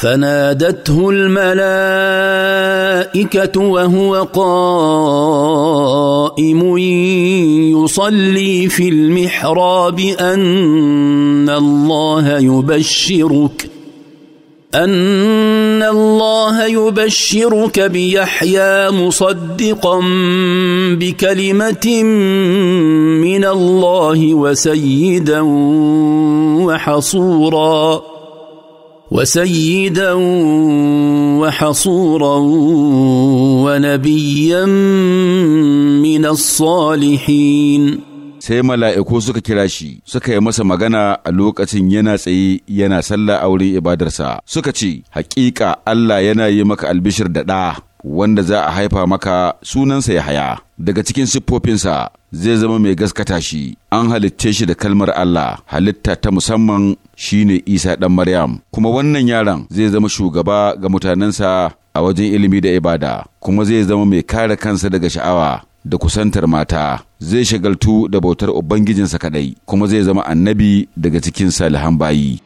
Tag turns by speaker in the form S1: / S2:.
S1: فنادته الملائكه وهو قائم يصلي في المحراب ان الله يبشرك ان الله يبشرك بيحيى مصدقا بكلمه من الله وسيدا وحصورا وسيدا وحصورا ونبيا
S2: من الصالحين sai mala'iku suka kira shi suka yi masa magana a lokacin yana tsaye yana sallah a wurin ibadarsa suka ce hakika Allah yana yi maka albishir da ɗa wanda za a haifa maka sunansa ya haya daga cikin siffofinsa zai zama mai gaskata shi an halitta shi da kalmar Allah halitta ta musamman shine Isa ɗan Maryam kuma wannan yaron zai zama shugaba ga mutanensa a wajen ilimi da ibada kuma zai zama mai kare kansa daga sha'awa da kusantar mata zai shagaltu da bautar ubangijinsa kadai kuma zai zama annabi daga cikin salihan bayi